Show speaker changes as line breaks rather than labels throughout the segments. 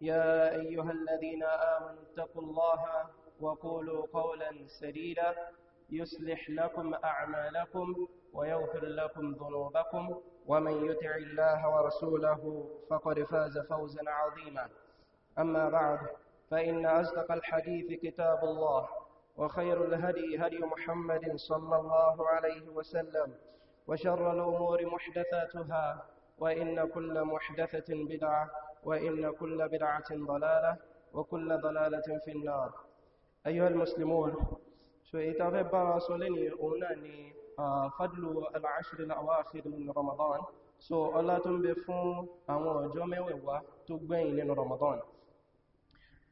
يا أيها الذين آمنوا اتقوا الله وقولوا قولا سديدا يصلح لكم أعمالكم ويغفر لكم ذنوبكم ومن يطع الله ورسوله فقد فاز فوزا عظيما أما بعد فإن أصدق الحديث كتاب الله وخير الهدي هدي محمد صلى الله عليه وسلم وشر الأمور محدثاتها وإن كل محدثة بدعة وإن كل بدعة ضلالة وكل ضلالة في النار أيها المسلمون سيتغب رسولني أولاني آه، فضل العشر الأواخر من رمضان so ọlá tó أمو bẹ fún àwọn ọjọ́ mẹ́wẹ̀wá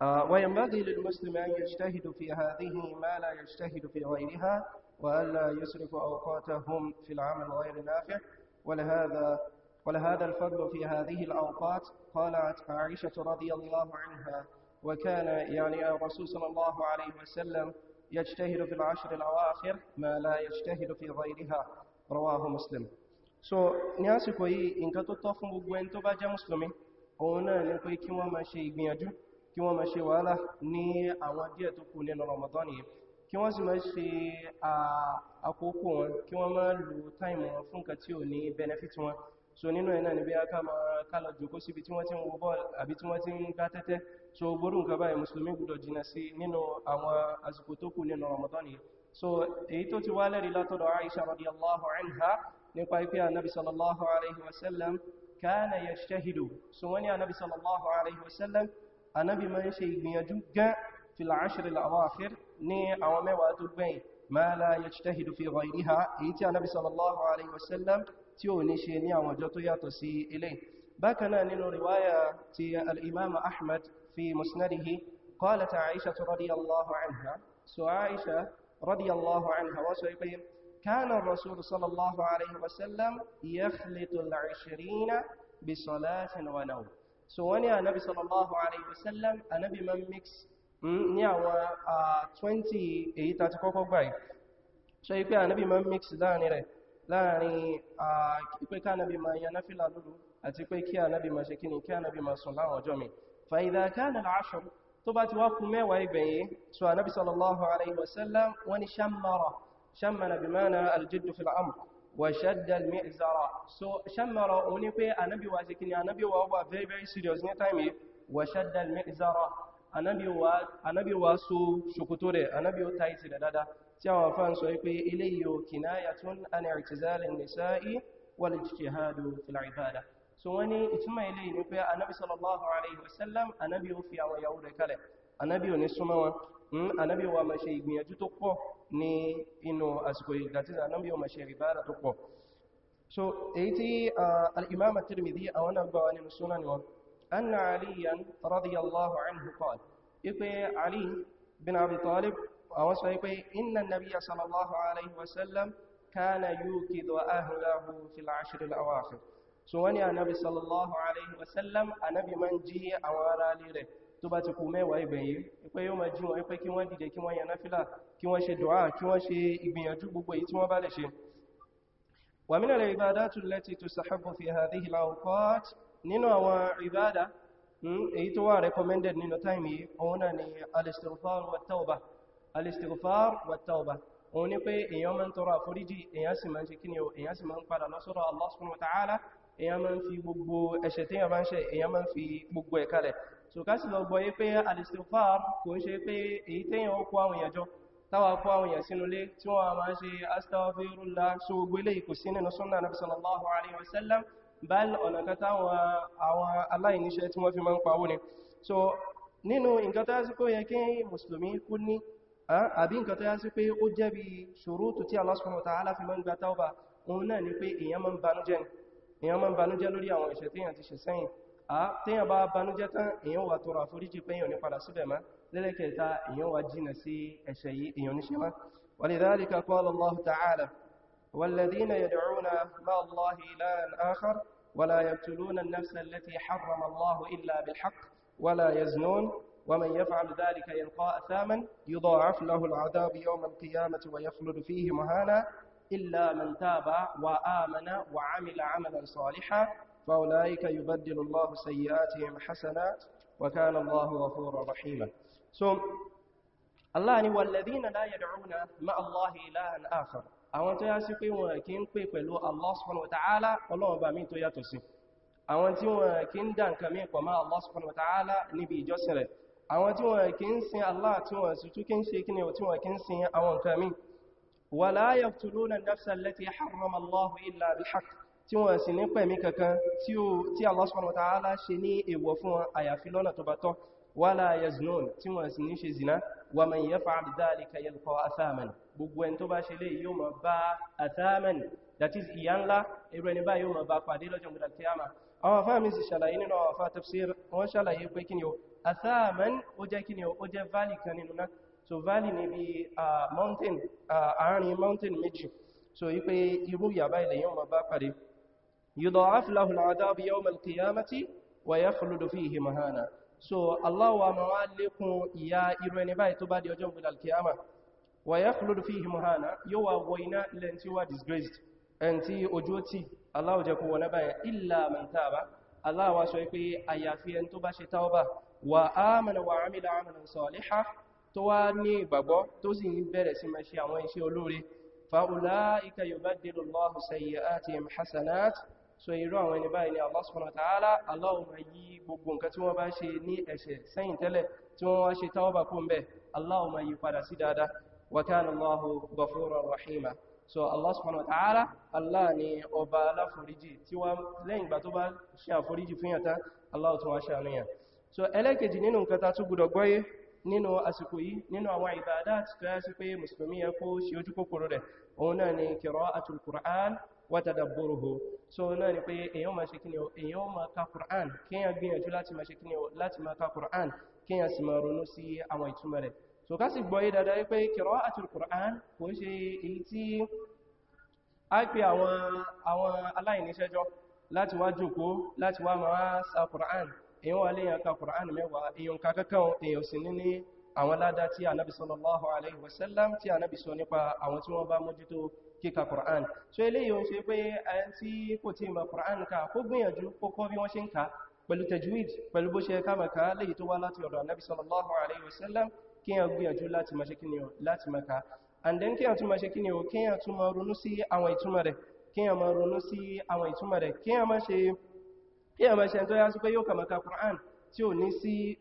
آه، وينبغي للمسلم أن يجتهد في هذه ما لا يجتهد في غيرها وألا يسرف أوقاتهم في العمل غير نافع ولهذا ولهذا الفضل في هذه الأوقات قالت عائشة رضي الله عنها وكان يعني الرسول صلى الله عليه وسلم يجتهد في العشر الأواخر ما لا يجتهد في غيرها رواه مسلم so ní àsìkò yìí nǹkan tó tọ́ fún gbogbo ẹni tó bá jẹ́ mùsùlùmí òun náà ni ko yi in ka wọ́n gbogbo en ṣe je muslimi kí wọ́n máa won ma wàhálà ní ma se díẹ̀ tó kù nínú Ramadan yìí kí wọ́n sì ma ṣe àkókò wọn kí wọ́n ma lo time wọn fún nǹkan tí ò ní benefit wọn so nínú ẹ̀ náà ni bí a ká máa kálọ̀ jòkó síbi tí wọ́n ti ń wo bọ́ọ̀lù àbí tí wọ́n ti ń gbá tẹ́tẹ́ so gbórùn nǹkan báyìí mùsùlùmí gbọdọ̀ jìnà sí nínú àwọn àsìkò tó kù nínú Ramadan yìí so èyí tó ti wá lẹ́rí látọ̀dọ̀ Aisha radiyallahu anha nípa ipe anabi sallallahu alaihi wasallam kana yashtahidu so wani anabi sallallahu alaihi wasallam anabi máa ń ṣe ìgbìyànjú gan fil ashr al awakhir àwọn mẹ́wàá tó gbẹ̀yìn ma la yashtahidu fi ghayriha èyí tí anabi sallallahu alaihi wasallam tí ó ní ṣe ní àwọn ọjọ́ tó yàtọ̀ sí ilé bákan náà nínú riwaya ti al'imama ahmad fi musnadihi qalat aisha radiyallahu anha so aisha radiyallahu anha wasu ipe كان الرسول صلى الله عليه وسلم يخلط العشرين بصلاة ونوم so wọ́n ní ànábì sallallahu alayhi wasallam ànábì ma ń mix
hmm, ní àwọn 20
ah, èyí tàti kọ́kọ́ gbáyìí so ipé ànábì ma ń mix láàrin rẹ̀ láàrin pé ká nábi ma yá náfílà lóru àti pé kí a nábi ma ṣe kíni kí a nábi ma sùn láwọn ọjọ́ mi fa idha kana al-ashr tó bá ti wá kú mẹ́wàá ìgbẹ̀yẹ so anábi sallallahu alaihi wasallam wani shammara shammara bi mana aljiddu fil amr wa shadda al-mi'zara so shammara ó ní pé anábi wa ṣe kíni tí àwọn afá ń sọ pé eléyìí o kinayatun an i'tizal an-nisa'i wal-ijtihad fil ibadah so wọ́n ní ìtumọ̀ eléyìí ni pé anábi sallallahu alaihi wasallam anábi ó fi àwọn yahoo rẹ̀ kalẹ̀ anábi ò ní súnmọ́ wọn anábi hmm, wa ma ṣe ìgbìyànjú tó pọ̀ ní inú àsìkò ìgbàtíza anábi so èyí tí al'imam at-tirmidhi a wọn agbawa nínú sunan wọn anna aliyan radiyallahu anhu qala ipe abi talib àwọn sọ wípé inna nabiyya sallallahu alaihi wasallam kana yuqidu ahlahu fil ashr al awakhir so wani anabi sallallahu alaihi wasallam anabi man jí àwọn ará ilé rẹ̀ tó bá ti kú mẹ́wàá ìgbẹ̀yìn pé yóò máa jí wọn kí wọ́n dìde kí wọ́n yan náfílà kí wọ́n ṣe dùá kí wọ́n ṣe ìgbìyànjú gbogbo èyí tí wọ́n bá lè ṣe wa min al-ibadatu allati tustahabbu fi hadhihi al nínú àwọn ìbádà hmm, èyí tó wà recommended nínú táìmì òun náà ni al-istighfar wa tawbah al-istighfar wa tawbah òun ni pé èyàn máa ń tọrọ àforíjì èyàn sì máa ń ṣe kíni o èyàn sì máa ń padà lọ́sọ́rọ̀ Allah subhanahu wa ta'ala èyàn máa ń fi gbogbo ẹ̀ṣẹ̀ tí èyàn bá ń ṣe èyàn máa ń fi gbogbo ẹ̀ kalẹ̀ so ká sì lọ gbọ́ yé pé al-istighfar kò ń ṣe pé èyí téyàn ó kó àwọn èyàn jọ táwa kó àwọn èyàn sínú ilé tí wọ́n máa ń astaghfirullah so gbogbo eléyìí kò sí nínú sunnah nabi sallallahu alaihi wasallam bal ọ̀nà kan táwọn àwọn aláìníṣẹ́ tí wọ́n fi máa ń ni so nínú nǹkan tá a sì kó yẹ kí mùsùlùmí kú àbí nǹkan tó yá sí pé ó jẹ́ bí ṣòrótù tí Allah ta'ala fi mọ́ ń gba tauba òun náà ni pé èèyàn máa ń banújẹ́ èèyàn máa ń banújẹ́ lórí àwọn ẹ̀ṣẹ̀ téèyàn ti ṣe sẹ́yìn a téèyàn bá banújẹ́ tán èèyàn wà tọrọ àforíjì pé èèyàn ní padà síbẹ̀ mọ́ lẹ́lẹ́kẹta èèyàn ta'ala walladhina yad'una ma'a Allahi akhar wala yaqtuluna an-nafsa allati harrama Allahu ومن يفعل ذلك يلقى أثاما يضاعف له العذاب يوم القيامة ويخلد فيه مهانا إلا من تاب وآمن وعمل عملا صالحا فأولئك يبدل الله سيئاتهم حسنات وكان الله غفورا رحيما so Allah ni walladhina la yad'una ma Allah ilahan akhar àwọn tó yá sí pé wọn kì ń pè pẹ̀lú Allah subhanahu wa ta'ala Ọlọ́run ba mi tó yàtọ̀ sí àwọn tí wọn kì ń dá nǹkan mi pọ̀ mọ́ Allah subhanahu wa ta'ala níbi ìjọsìn rẹ̀ àwọn tí wọ́n kì ń sin Allah tí wọ́n sì tún kí ń ṣe kí ni tí wọ́n kì ń sin àwọn nǹkan mi wa la yaqtuluna an-nafsa allati harrama Allahu illa bil-haqq tí wọ́n sì ní pẹ̀mí kankan tí Allah ta'ala ṣe ní èwọ̀ fún athaman ó jẹ́ kíni ó jẹ́ valley kan nínú náà so valley ní bí mountain àárín mountain méjì so wípé irú yàbá ilẹ̀ yóò máa bá pàdé yudha'af lahu al-'adhabu yawm al-qiyamati so Allah wa ma wá lékún ìyà irú ẹni báyìí tó bá di ọjọ́ ìgbìlẹ̀ alkiyama wa disgraced ẹn tí ojú ó tì Allah jẹ́ kó wọ náà báyìí illa man taba Allah sọ pé àyàfi ẹni tó bá ṣe tawba wà ámàna wà ámìlà ámàna sọ̀lẹ́há tó wá ní ìgbàgbọ́ tó sì ń bẹ̀rẹ̀ sí máa ṣe àwọn iṣẹ́ olóore fa'ula'ika yubaddilu Allahu sayyi'atihim hasanat so irú àwọn ẹni báyìí ni Allah subhanahu wa ta'ala Allah ma yí gbogbo nǹkan tí wọ́n bá ṣe ní ẹ̀ṣẹ̀ sẹ́yìn tẹ́lẹ̀ tí wọ́n wá ṣe tawba kún bẹ́ Allah ma yí padà sí dáadáa wa so Allah subhanahu wa ta'ala Allah ni ọba aláforíjì tí wọ́n lẹ́yìn ìgbà tó bá ṣe àforíjì fún yàtá Allah tó wá ṣe àníyàn so ẹlẹ́kejì nínú nǹkan ta tún gbọdọ̀ gbọ́yé nínú àsìkò yìí nínú àwọn ibadat tó yá sí pé mùsùlùmí yẹ kó ṣe ojú kòkòrò rẹ̀ òun náà ni qira'atul Qur'an wa tadabburuhu so náà ni pé èyàn máa ṣe kíni èyàn Qur'an kíyàn gbìyànjú láti máa ṣe láti Qur'an kíyàn sì máa so ká sì gbọ́yé dáadáa pé qira'atul Qur'an kò ṣe èyí tí a pè àwọn aláìníṣẹ́jọ́ láti wá jókòó wá sa Qur'an èyàn wà léyàn ka Kùránì mẹ́wàá èyàn ka kankan èyàn sì ní ní àwọn ládá tí anábi sallallahu alaihi wasallam tí anábi sọ nípa àwọn tí wọ́n bá mójútó kíka Kùránì so eléyìí ń ṣe pé ẹni tí kò tí ma Kùránì ka kó gbìyànjú kó kọ́ bí wọ́n ṣe ń ka pẹ̀lú tajwid pẹ̀lú bó ṣe kama ka léyìí tó wá láti ọ̀dọ̀ anábi sallallahu alaihi wasallam kí yàn gbìyànjú láti ma ṣe kíni láti ma ka and then kí yàn tún ma ṣe kíni o kí yàn tún ma ronú sí àwọn ìtumọ̀ rẹ̀ kí yàn ma ronú sí àwọn ìtumọ̀ rẹ̀ kí yàn ma ṣe kí ẹ̀mọ̀ ṣe tó yá sí pé yóò kàmà ka Qur'an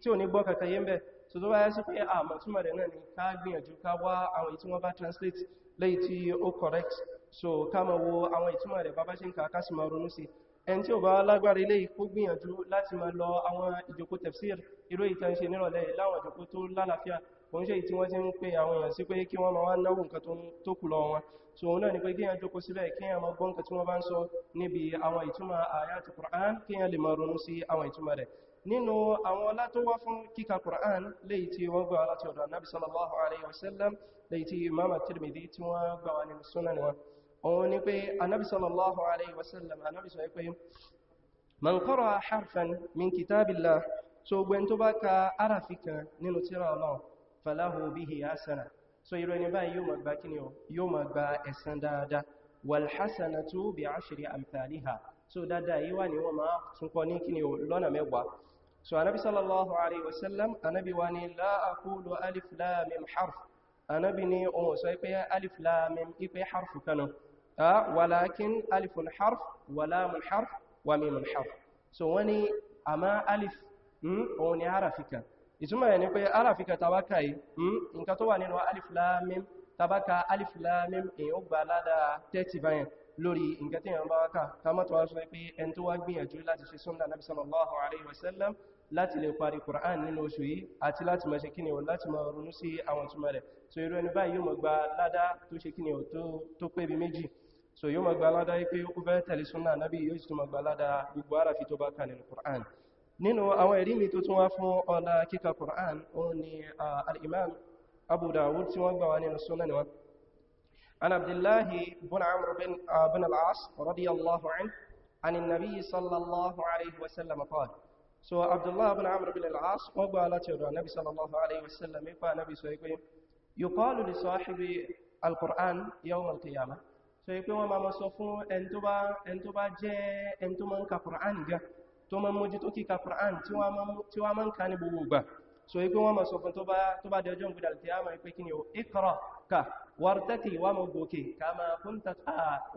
tí ò ní gbọ́ kàkà yí ń bẹ̀ so tó bá yá sí pé a mọ̀túnmọ̀ rẹ̀ náà ni ká gbìyànjú ká wá àwọn ìtumọ̀ bá translate lẹ́yìn tí ó correct so ká mọ̀ wo àwọn ìtumọ̀ rẹ̀ bá bá ṣe ń ka kásì máa ronú sí ẹn tí ò bá lágbára ilé kó gbìyànjú láti máa lọ àwọn ìjòkó tafsir irú ìtànṣe nírọ̀lẹ́ láwọn ìjòkó tó lálàáfíà òun ṣe tí wọ́n ti ń pè àwọn èèyàn sí pé kí wọ́n máa wá náwó nǹkan tó kù lọ wọn so òun náà ni pé kí èèyàn jókòó sílẹ̀ kí èèyàn máa gbọ́ nǹkan tí wọ́n bá ń sọ níbi àwọn ìtumọ̀ àyàtì Qur'an kí èèyàn lè máa ronú sí àwọn ìtumọ̀ rẹ̀ nínú àwọn ọlá tó wá fún kíka Qur'an léyìí tí wọ́n gbà láti ọ̀dọ̀ Ànábì sallallahu alaihi wasallam léyìí tí Imam at-Tirmidhi tí wọ́n gbà so gbẹ́n tó bá ka arafi falahu bihi hasana so irú ẹni báyìí yóò máa gba kíni o yóò máa gba ẹ̀san dáadáa wal hasanatu bi ashri amthaliha so dáadáa yìí wà ní wọ́n máa tún kọ ní kíni o lọ́nà mẹ́wàá so anabi sallallahu alaihi wasallam anabi wa ni la aqulu alif lam mim harf anabi ni ohun sọ pé alif lam ipe harf kanu walakin alifun harf walamun harf wa mimun harf so wani ama alif ohun hmm, ni harafika ìtumọ̀ rẹ̀ ni pé aláfikà tabaka yìí hmm, nǹkan tó wà nínú alif tabaka alif lam mim èyàn ó gba ládá 30 báyẹn lórí nǹkan tí yàn bá wákà kamọ́tọ̀ wá sọ pé ẹn tó wá gbìyànjú láti ṣe súnnà nabi sallallahu alaihi wasallam láti lè parí Qur'an nínú oṣù yìí àti láti máa ṣe kíni o láti máa ronú sí àwọn túnmọ̀ rẹ̀ so irú ẹni báyìí yóò máa gba ládá nabi yóò sì tún máa gba Qur'an nínú àwọn ẹ̀rí mi tó tún wá fún ọlá kíkà Qur'an òun ni al-imam Abu Dawud tí wọ́n gbà wá nínú sunan wọn an Abdullahi bin Amr bin al-As radiyallahu anhu عن النبي صلى الله عليه وسلم قال so abdullah ibn amr ibn al-as wọ́n gbà láti ọ̀dọ̀ nabi sallallahu alaihi wasallam ipa nabi so ipe yuqalu li sahibi al-qur'an yawm al-qiyamah so ipe wọ́n ma ma sọ fún en tó bá en tó bá jẹ́ en tó ma ń ka qur'an ga tó máa mójú tó kíkà Qur'an tí wọ́n máa ń ká ní gbogbo gbà so ipé wọ́n máa sọ fún tó bá dẹjọ́ gbogbo alkiyama ipé kí ni o ikra ka wartaki wa ma gòkè ka ma kunta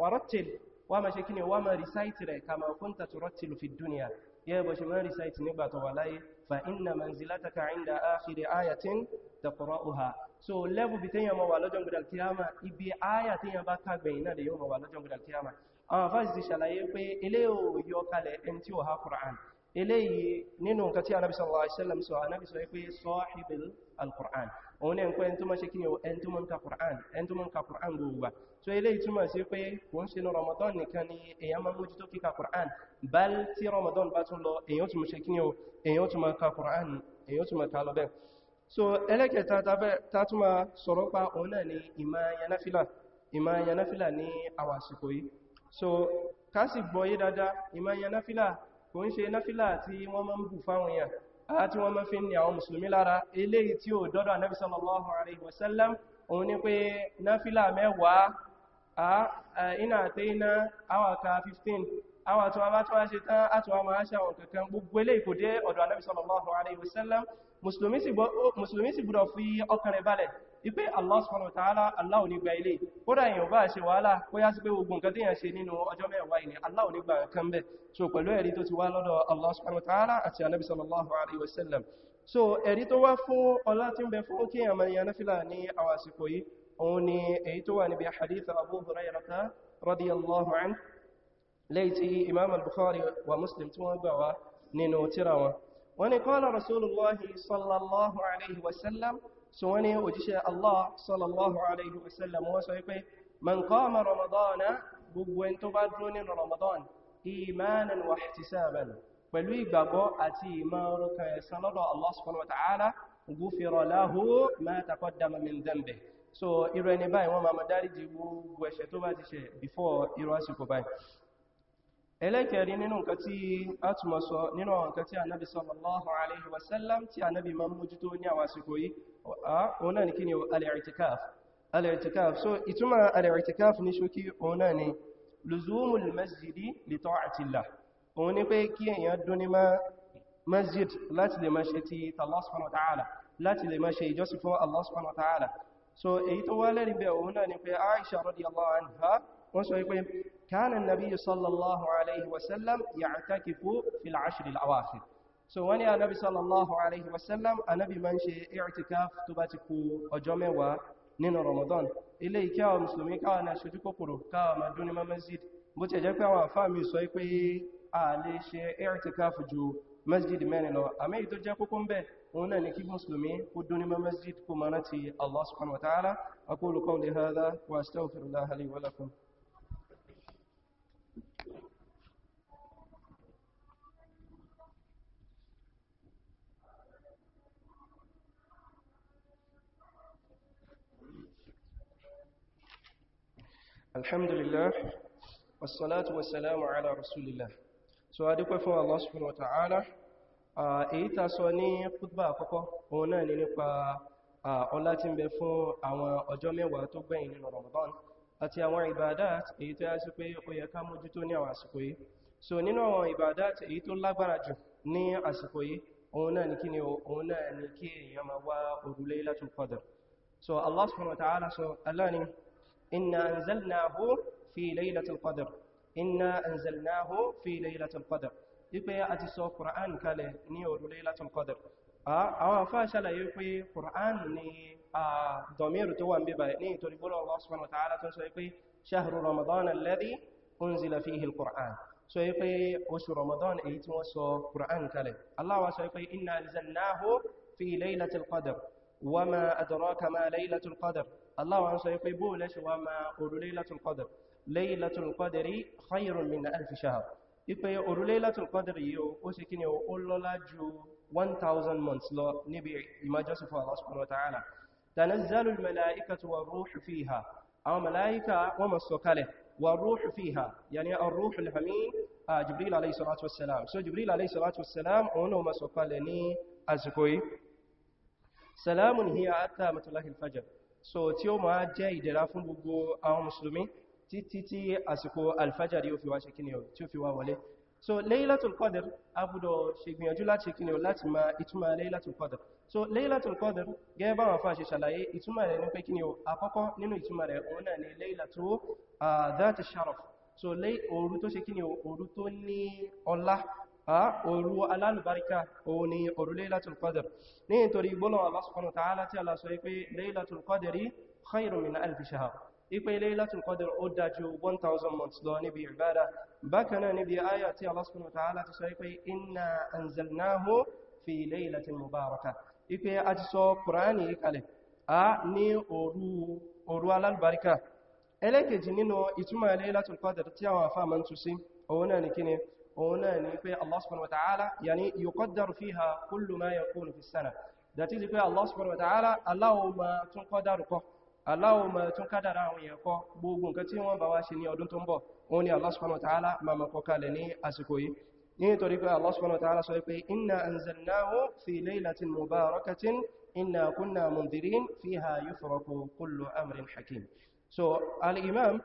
warattil wa ma ṣe kí ni wa ma recite rẹ̀ ka ma kunta turattilu fi duniya yẹ́ bọ̀ ṣe máa recite nígbà tó wà láyé fa inna manzilataka inda akhiri ayatin taqra'uha so level bi tẹ́yàn ma wà lọ́jọ́ gbogbo alkiyama ibi aya tẹ́yàn bá kàgbẹ̀yìn náà da yóò ma wà lọ́jọ́ gbogbo alkiyama àwọn fásitì ti ṣàlàyé pé ilé ò yọ kalẹ̀ ẹni tí ó ha Qur'an ilé yìí nínú nǹkan tí anábi sallallahu alaihi wasallam sọ anábi sọ pé sahibul al-Qur'an òun ní ẹnkọ́ ẹni tó máa ṣe kí ni ẹni tó máa ń ka Qur'an ẹni tó máa ń ka Qur'an gbogbo so ilé yìí túmọ̀ sí pé kò ń ṣe ní Ramadan nìkan ni èyàn máa mójútó kíka Qur'an bal tí Ramadan bá tún lọ èyàn tún ṣe kí ni èyàn tún ka Qur'an èyàn tún ka lọ bẹ́ẹ̀ so ẹlẹ́kẹta ta tún sọ̀rọ̀ pa òun náà ni ìmá yanáfílà ní àwọn yìí so kásì gbọ́yé dáadáa ìmá yẹn náfílà kò ń ṣe náfílà tí wọ́n máa ń bù fáwọn èèyàn àti wọ́n máa fi ní àwọn mùsùlùmí lára eléyìí tí ó dọ́dọ̀ anábi sallallahu alaihi wasallam òun ni pé náfílà mẹ́wàá iná 15 àwọn àtúwà bá tún wá gbogbo ipé Allah subhanahu wa ta'ala Allah ò ní gba ilé kódà èèyàn bá ṣe wàhálà kó yá sí pé gbogbo nǹkan téèyàn ṣe nínú ọjọ́ mẹ́wàá ilẹ̀ Allah ò ní gba nǹkan bẹ́ so pẹ̀lú ẹ̀rí tó ti wá lọ́dọ̀ Allah subhanahu wa ta'ala àti anabi so wani òjíṣẹ́ Allah sallallahu alaihi wasallam wọ́n sọ wípé man qama ramadana gbogbo ẹni tó bá dúró nínú ramadan imanan wa ihtisaban pẹ̀lú ìgbàgbọ́ àti ìmọ̀ orúkọ ẹlẹ́kẹ̀ẹ́rí nínú nǹkan tí a túnmọ̀ sọ nínú àwọn nǹkan tí Ànábì sallallahu alaihi wasallam tí Ànábì ma ń mójútó ní àwọn àsìkò yìí òun náà ni kí ni al-i'tikaf al-i'tikaf so ìtumọ̀ al-i'tikaf ní ṣókí òun náà ni luzumul masjidi li ta'atillah òun ni pé kí èèyàn dúnni má masjid láti lè máa ṣe ni pé wọ́n sọ pé كان النبي صلى الله عليه وسلم يعتكف في العشر الأواخر so wọ́n ní anábi sallallahu alaihi wasallam anábi ma ń ṣe i'tikaf tó bá ti kù ọjọ́ mẹ́wàá nínú ramadan ilé ìkẹ́ àwọn musulmi káwà náà ṣojú kòkòrò káwà ma dún ní masjid bó ti jẹ́ pé àwọn àfáàmì sọ pé a lè ṣe i'tikaf ju masjid mẹ́rin lọ àmì tó jẹ́ kókó ń bẹ̀ òun ni kí musulmi kó dún ní masjid kó ma allah subhanahu wa ta'ala aqulu qawli hadha wa astaghfirullaha li wa lakum alhamdulillah wassalatu wassalamu ala rasulillah so adúpẹ́ fún Allah subhanahu wa ta'ala èyí ta sọ ní kútbà àkọ́kọ́ òun náà ni nípa ọlá tí ń bẹ fún àwọn ọjọ́ mẹ́wàá tó gbẹ̀yìn nínú Ramadan àti àwọn ibadat èyí tó yá sí pé ó yẹ ká mójútó ní àwọn àsìkò yìí so nínú àwọn ibadat èyí tó lágbára jù ní àsìkò yìí òun náà ni kí ni òun ni kí èèyàn máa wá òrùlé Laylatul Qadr so Allah subhanahu wa ta'ala sọ Allah ni إنا أنزلناه في ليلة القدر إنا أنزلناه في ليلة القدر يبقى أتي قرآن كالي نيور ليلة القدر أو آه، آه، آه، فاشل يقول قرآن ني ضمير توان ببا ني تريبول الله سبحانه وتعالى تنسو شهر رمضان الذي أنزل فيه القرآن سو وش رمضان أيتم وسو قرآن كالي الله وسو يبقى إنا أنزلناه في ليلة القدر وما أدراك ما ليلة القدر الله عز وجل وما أول ليلة القدر ليلة القدر خير من ألف شهر يبقى أول ليلة القدر يو أسكن يو أول لا جو 1000 months لو نبي ما جسف الله سبحانه وتعالى تنزل الملائكة والروح فيها أو ملائكة وما السكالة والروح فيها يعني الروح الحميم آه، جبريل عليه الصلاة والسلام سو جبريل عليه الصلاة والسلام أنه ما سكالة ني أزكوي سلام هي أتى الله الفجر so tí ó máa jẹ́ ìdẹ̀ra fún gbogbo àwọn mùsùlùmí títí tí àsìkò alfajari ó fi wá ṣe kíni ọ̀ tí ó fi wá wọlé so Laylatul Qadr abudo ṣe gbìyànjú láti kíni láti máa ìtumọ̀ Laylatul Qadr so Laylatul Qadr gẹ́gẹ́ bá wọn fà ṣe ṣàlàyé ìtumọ̀ rẹ̀ ní pé kíni ọ̀ àkọ́kọ́ nínú ìtumọ̀ rẹ̀ òun náà ah, so lé òru tó ṣe kíni ọ̀ òru alálùbáríkà òun ni òru Laylatul Qadr ní ìtorí gbọ́nà Allah subhanahu wa ta'ala tí Allah sọ pé Laylatul Qadri khayrun min alfi shahr ipe Laylatul Qadr ó dájú 1000 months lọ níbi ìbádà bákanáà níbi ayà tí Allah subhanahu ti sọ pé ọ̀nà ni pé Allah subhanahu wa ta'ala yani yuqaddaru fiha kullu ma yakunu fi sana that is pé Allah subhanahu wa ta'ala Allah ma tún qadaru ko Allah ma tún kádàrá àwọn yẹn ko gbogbo nǹkan tí wọ́n bá wá ṣe ní ọdún tó ń bọ̀ ó ní Allah subhanahu wa ta'ala ma ma ko kalẹ̀ ní àsìkò yìí nítorí pé Allah subhanahu wa ta'ala sọ pé inna anzalnahu fi laylatin mubarakatin inna kunna mundirin fiha yufraku kullu amrin hakim so al imam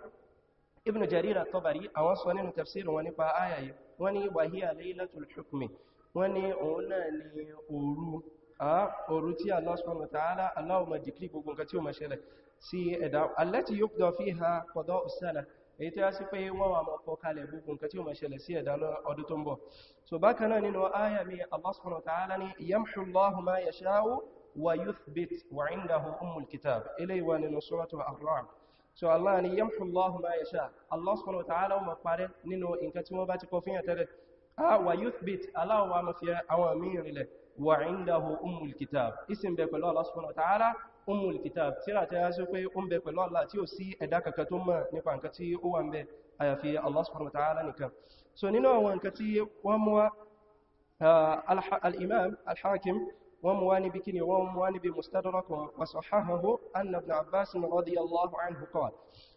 ibn jarir at-tabari àwọn sọ nínú tafsir wọn nípa aya yìí wọ́n ní wahiya laylatul hukmi wọ́n ní òun náà ni òru a òru tí allah subhanahu wa ta'ala allah ma dikri gbogbo nǹkan tí ó ma ṣẹlẹ̀ sí ẹ̀dá allati yuqda fiha qada as-sana èyí tó yá sí pé wọ́n wà mọ̀ kọ kalẹ̀ gbogbo nǹkan tí ó ma ṣẹlẹ̀ sí ẹ̀dá ọdún tó ń bọ̀ so bákan náà nínú aya mi allah subhanahu wa ta'ala ni yamhu allah ma yasha'u wa yuthbit wa indahu ummul kitab eléyìí wà nínú suratu ar-ra'd so Allah ni yamhu Allah ma yasha Allah subhanahu wa ta'ala ó máa parẹ́ nínú nǹkan tí wọ́n bá ti kọ fíyàn tẹ́lẹ̀ a wa yuthbit Allah wa ma fi àwọn míì rinlẹ̀ wa indahu ummul kitab isin bẹ pẹ̀lú Allah subhanahu wa ta'ala ummul kitab tíra ta yásó pé ó ń bẹ Allah tí ó sí ẹ̀dá kankan tó mọ̀ nípa nǹkan tí ó wà ń bẹ àyàfi Allah subhanahu wa ta'ala nìkan so nínú àwọn nǹkan tí wọ́n mú al-imam al-hakim ومواني بكني ومواني بمستدرك وصححه أن ابن عباس رضي الله عنه قال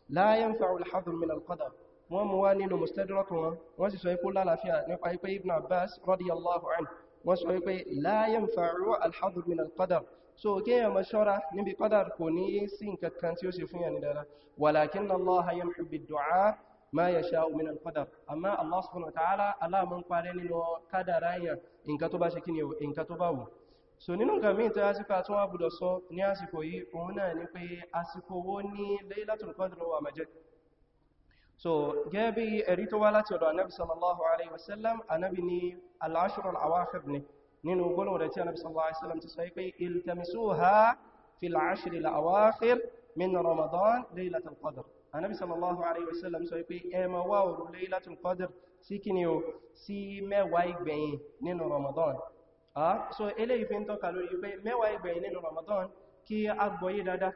لا ينفع الحظ من القدر ومواني مستدرك وسيقول لا فيها نقايق ابن عباس رضي الله عنه وسيقول لا ينفع الحظ من القدر so ke ma shora níbi qadar kò ní sin kankan tí ó ṣe fún yan dára walakin allah yamhu bid du'a ma yasha'u min al qadar amma allah subhanahu wa nínú qadara yan nǹkan tó bá ṣe kini o nǹkan tó bá wù so nínú nǹkan mí tó yásíkò àtún àbúdọ̀ sọ wa budo òun náà ni asiko yi oun naa àsìkò wo ní Laylatul Qadr wà mẹ́jẹ́ so gẹ́gẹ́ bí ẹ̀rí tó wá láti ọ̀dọ̀ anábi sallallahu alaihi wasallam anábi ni al-ashr al-awakhir ni nínú gbọ́nà rẹ̀ tí anábi sallallahu alaihi wasallam ti sai pé iltamisuha fil ashr al-awakhir min ramadan Laylatul Qadr anábi sallallahu alaihi wasallam sai pé ẹ ma wá o Laylatul Qadr sikini o sí me wa ìgbẹ̀yìn nínú ramadan Ah, so eléyìí fi n tọ́ka lórí pé mẹ́wàá ìgbẹ̀yìn nínú Ramadan kí a dada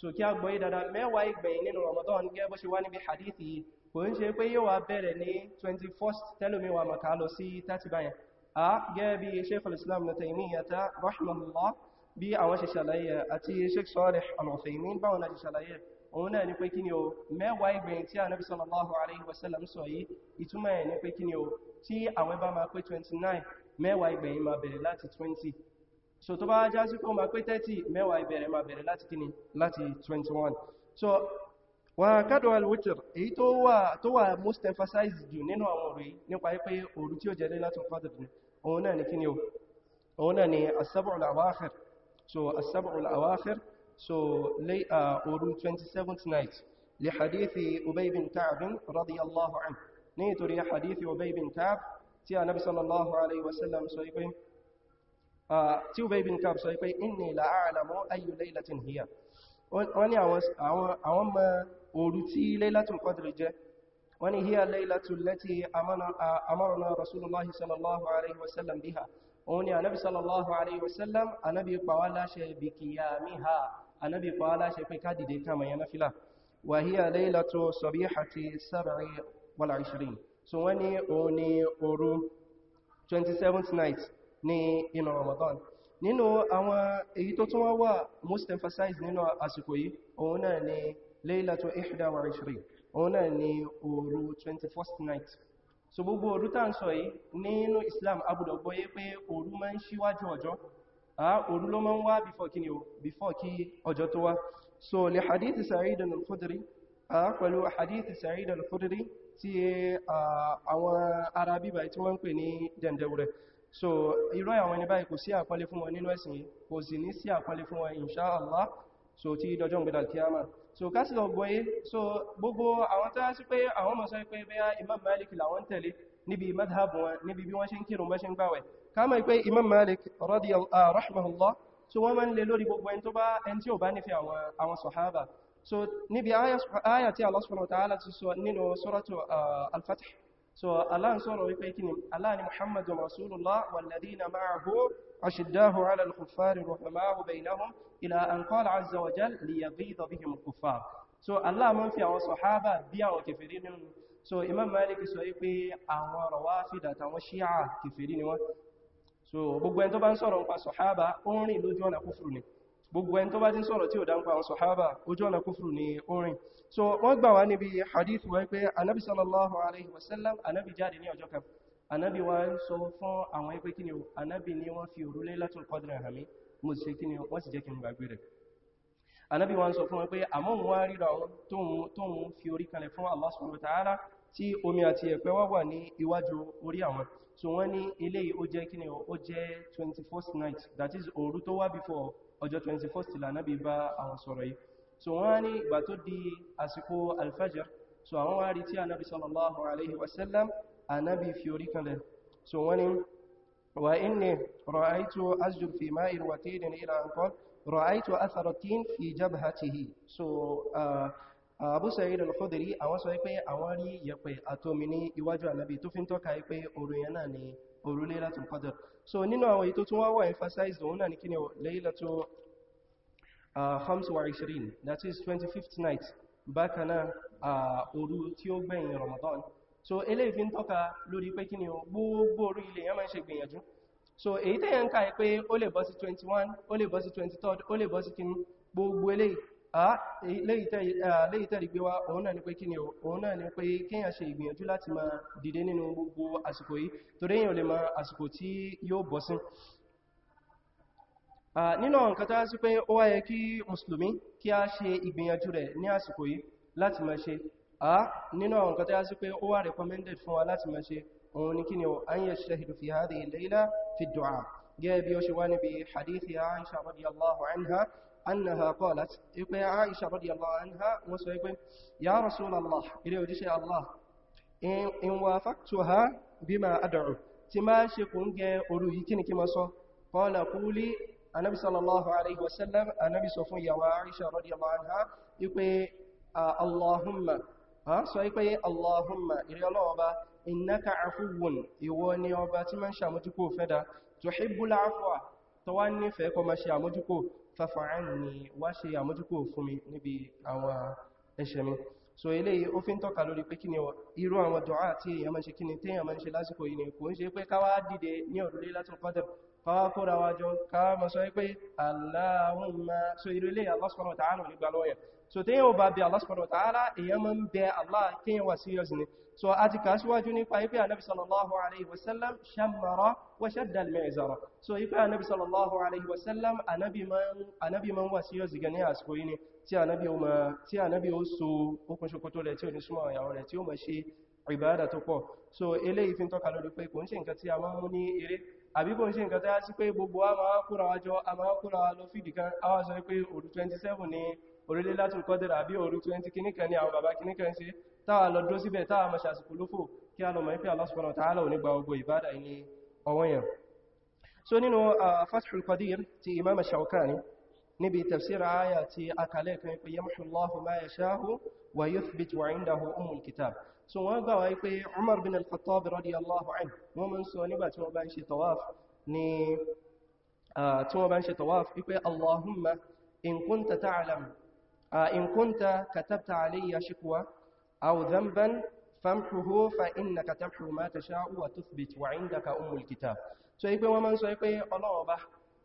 so kí a dada mẹ́wàá ìgbẹ̀yìn nínú Ramadan gẹ́ bó ṣe wá níbi hadithi yìí kò ń ṣe pé yóò bere bẹ̀rẹ̀ ní 21st tẹ́lómiwa maka lọ sí 30 bayan a gẹ́ bí Sheikh islam na taimiyyata rahimahullah bí bi ṣe ṣàlàyé àti Sheikh Salih al na 29 mẹ́wàá ìgbẹ̀yìn máa bẹ̀rẹ̀ láti 20 so tó bá já sí kó máa pé 30 mẹ́wàá ìbẹ̀rẹ̀ máa bẹ̀rẹ̀ láti kíni láti 21 so wà kádọ̀ alwitr èyí tó wà tó wà most emphasized jù nínú àwọn òru nípa pé òru tí ó jẹ́ láti fadr òun ni kíni o ni as-sab'ul awakhir so as-sab'ul awakhir so lay òru 27th night li hadithi ubay bin ka'b radiyallahu anhu ni torí hadithi ubay bin ka'b tí a nabi sallallahu alaihi wasallam sọ ipé tí ó bẹ́bí nǹkan sọ ipé inni la'alamu ayyu laylatin hiya wọ́n ni àwọn ma òru tí laylatul qadr jẹ́ wọ́n ni hiya laylatul lati amarna rasulullahi sallallahu alaihi wasallam biha wọ́n ni anabi sallallahu alaihi wasallam anabi pawa láṣẹ bi qiyamiha anabi pawa láṣẹ pé ká dìde kama yana fila wa hiya laylatu sabihati sab'i wal 'ishrin so wọ́n ní òun ni òru 27th night ní inú Ramadan nínú àwọn èyí tó tún wá wà most emphasized nínú àsìkò yìí òun náà ni Laylatul Ihda wa Ishri òun náà ni òru 21st night so gbogbo òru tá ń sọ yìí nínú Islam abudo gbọ́yé pé òru máa ń ṣíwájú ọjọ́ òru ló máa ń wá before kí before kí ọjọ́ tó wá so li hadith Sa'id al-Khudri pẹ̀lú hadith Sa'id al-Khudri tí àwọn ará bíbà tí wọ́n ń pè ní dẹ̀ndẹ̀wùrẹ̀ so irú àwọn ẹni báyìí kò sí àpọ́nlé fún wọn nínú ẹ̀sìn kò sì ní sí àpọ́nlé fún wọn inṣáàlá so tí dọjọ́ gbẹ̀dà kíyàmà so ká sì lọ gbọ́yé so gbogbo àwọn tó sí pé àwọn mọ̀ sọ pé bẹ́yà Imam Malik làwọn tẹ̀lé níbi madhab wọn níbi bí wọ́n ṣe ń kírun bá ṣe ń gbàwẹ̀ Imam Malik radiyallahu ah, rahimahullah so wọ́n máa ń lè lórí gbogbo ẹni tó bá ẹni tí ò so níbi ayà tí Allah subhanahu wa ta'ala ti sọ nínú suratu uh, al-Fath so Allah ń sọ̀rọ̀ wípé kí ni Allah ni Muhammadu Rasulullah walladhina ma'ahu ashiddahu 'ala al-kuffari ruhamahu baynahum ila an qala 'azza wa jal liyaghidha bihim al-kuffar so Allah mọ́ fi àwọn sọ̀hábà bí àwọn kèfèrí nínú so Imam Malik sọ wípé àwọn Rawafid gbogbo ẹni tó bá ti sọ̀rọ̀ tí ó dá ń pa ojú ọ̀nà kúfùrù ní orin so wọ́n gbà wá níbi hadith wọ́n pé anábi sallallahu alaihi wasallam anábi jáde ní ọjọ́ kan anábi wá sọ fún àwọn ẹgbẹ́ kíni o anábi ni wọ́n fi òrùlé látún kọdìrín àmì mo sì kíni wọ́n sì jẹ́ kí n gbàgbé rẹ̀ anábi wá sọ fún wọn pé àmọ́ òun wá so wọ́n ní eléyìí ó jẹ́ kíni ó night that is òru before ọjọ́ 21st la nábi bá àwọn sọ̀rọ̀ yìí so wọ́n ní ìgbà tó di àsìkò alfajir so àwọn wá rí tí anábi sallallahu alaihi wasallam anábi fi orí kanlẹ̀ so wọ́n ní wa inni ra'aitu azjur fi ma'in wa tinin ila an qala ra'aitu athara tin fi jabhatihi so uh, uh, Abu Sa'id al-Khudri àwọn sọ pé àwọn rí yẹ̀pẹ̀ àtomi ní iwájú anábi tó fi ń tọ́ka pé orun yẹn ni òru Laylatul Qadr so nínú àwọn èyí tó tún wá wà emphasized òun náà ní kí ni Laylatul uh, khamsu wa ishirin that is 25th night bákan náà uh, òru tí ó gbẹ̀yìn Ramadan so eléyìí fi ń tọ́ka lórí pé kí ni gbogbo orí ilẹ̀ yẹn máa ń ṣe gbìyànjú so èyí tẹ́yẹn ń ká ẹ pé ó lè bọ́ sí 21 ó lè bọ́ sí 23 ó lè bọ́ sí kí gbogbo eléyìí Ah, léyìí tẹ́rì ah, gbé wá òun náà ni pé kí ni òun náà ni pé kíyàn ṣe ìgbìyànjú láti máa dìde nínú gbogbo àsìkò yìí torí èyàn lè mọ àsìkò tí yóò bọ́ sí ah, nínú nǹkan tá sí pé ó wáyé kí mùsùlùmí kí a ṣe ìgbìyànjú rẹ̀ ní àsìkò yìí láti máa ṣe a nínú nǹkan tá sí pé ó wà recommended fún أنها قالت يقول عائشة رضي الله عنها وسيقول يا رسول الله إليه وجيشي الله إن وافقتها بما أدعو تما شكون جاء أروه كني كما صو قال قولي النبي صلى الله عليه وسلم النبي صفون يا عائشة رضي الله عنها يبي اللهم ها سيقول اللهم إليه الله إنك عفو يواني وباتما شامتكو فدا تحب العفو تواني فيكو ما شامتكو fáfàánì wá ṣe àmójúkò fún mi níbi àwọn ẹ̀ṣẹ̀ so eléyìí ó fi ń tọ́ka lórí pé kíni irú àwọn du'a tí èyàn máa ń ṣe kíni tí èyàn máa ń ṣe lásìkò yìí ni kò ń ṣe pé káwá dìde ní ọdún Laylatul Qadr káwá kóra wa jọ káwá máa sọ pé Allahumma so irú eléyìí Allah subhanahu wa ta'ala nígbà lọ́yẹ̀ so tí yíò bá bẹ Allah subhanahu wa ta'ala èyàn máa ń bẹ Allah kí yíò tí ànábí ó máa tí ànábí ó so okùn ṣòkòtò rẹ̀ tí ó ní súnmọ́ ìyàwó rẹ̀ tí ó máa ṣe ìbáadà tó pọ̀ so eléyìí fi ń tọ́ka lórí pé kò ń ṣe nǹkan tí a máa ń mú ní eré àbí kò ń ṣe nǹkan tí a sí pé gbogbo a máa kúra wa jọ a máa kúra lọ fìdí kan a sọ pé òru 27 ní orílẹ̀ látún kọ́dẹ̀rà àbí òru 20 kìníkan ní àwọn bàbá kìníkan ṣe táwà lọ dúró síbẹ̀ táwà mọ̀ ṣàsìkò lófò kí a lọ mọ̀ pé Allah subhanahu ò ní gba gbogbo ìbáadà ní ọwọ́ yẹn so nínú ah, Fathul Qadir ti Imam Shawkani نبي تفسير آياتي أكاليك يمحو الله ما يشاه ويثبت وعنده أم الكتاب سواغا ويقي عمر بن الخطاب رضي الله عنه ومن سوانبا توبانشي طواف ني توبانشي طواف يقول اللهم إن كنت تعلم إن كنت كتبت علي شكوى أو ذنبا فامحه فإنك تمحو ما تشاء وتثبت وعندك أم الكتاب سيقول ومن سيقول الله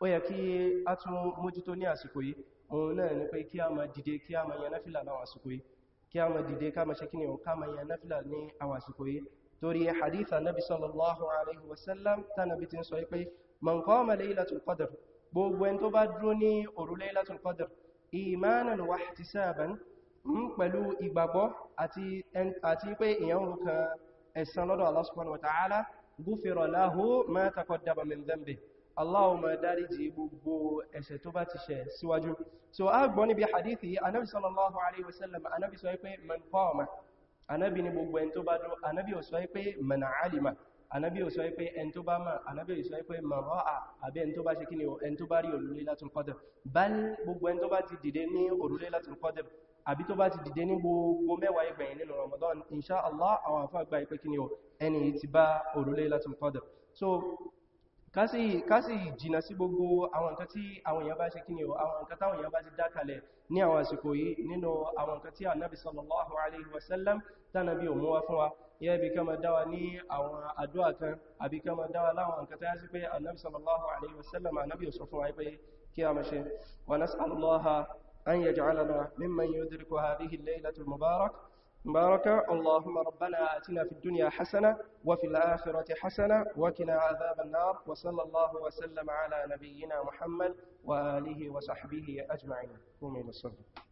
ó yẹ kí a tún mójútó ní àsìkò yìí òun náà ni pé kí a máa dìde kí a máa yan náfìlà láwọn àsìkò yìí kí a máa dìde ká máa ṣe kíni òun ká máa yan náfìlà ní àwọn yìí torí hadith anabi sallallahu alaihi wasallam tánàbí ti ń sọ pé man qama laylatul qadr gbogbo ẹni Allahumma dáríjì gbogbo ẹ̀ṣẹ̀ tó bá ti ṣẹ̀ síwájú so a gbọ́ níbi hadithi anábi sallallahu alaihi wasallam anábi sọ pé man qama anábi ni gbogbo ẹn tó bá dó anábi ò sọ pé man alima anábi ò sọ pé ẹn tó bá ma anábi ò sọ pé man ra'a àbí ẹn tó bá ṣe kí ni ẹn tó bá rí òrùlé látún qadr so kásì jìnà sí gbogbo àwọn nǹkan tí àwọn èèyàn bá ṣe kí ni o àwọn nǹkan táwọn èèyàn bá ti dákalẹ̀ ní àwọn àsìkò yìí nínú àwọn nǹkan tí ànábì sallallahu alaihi wasallam tánàbí ò mú wá fún wa yẹ́ bí ká máa dáwà ní àwọn àdúà kan àbí ká máa dáwà láwọn nǹkan táyá pé ànábì sallallahu alaihi wasallam ànábì ò sọ fún wa pé kí a máa wa nas'alullaha an yaj'alana mimman yudriku hadhihi al-laylatul mubarak بارك اللهم ربنا آتنا في الدنيا حسنة وفي الآخرة حسنة وكنا عذاب النار وصلى الله وسلم على نبينا محمد وآله وصحبه أجمعين قوموا إلى الصلاة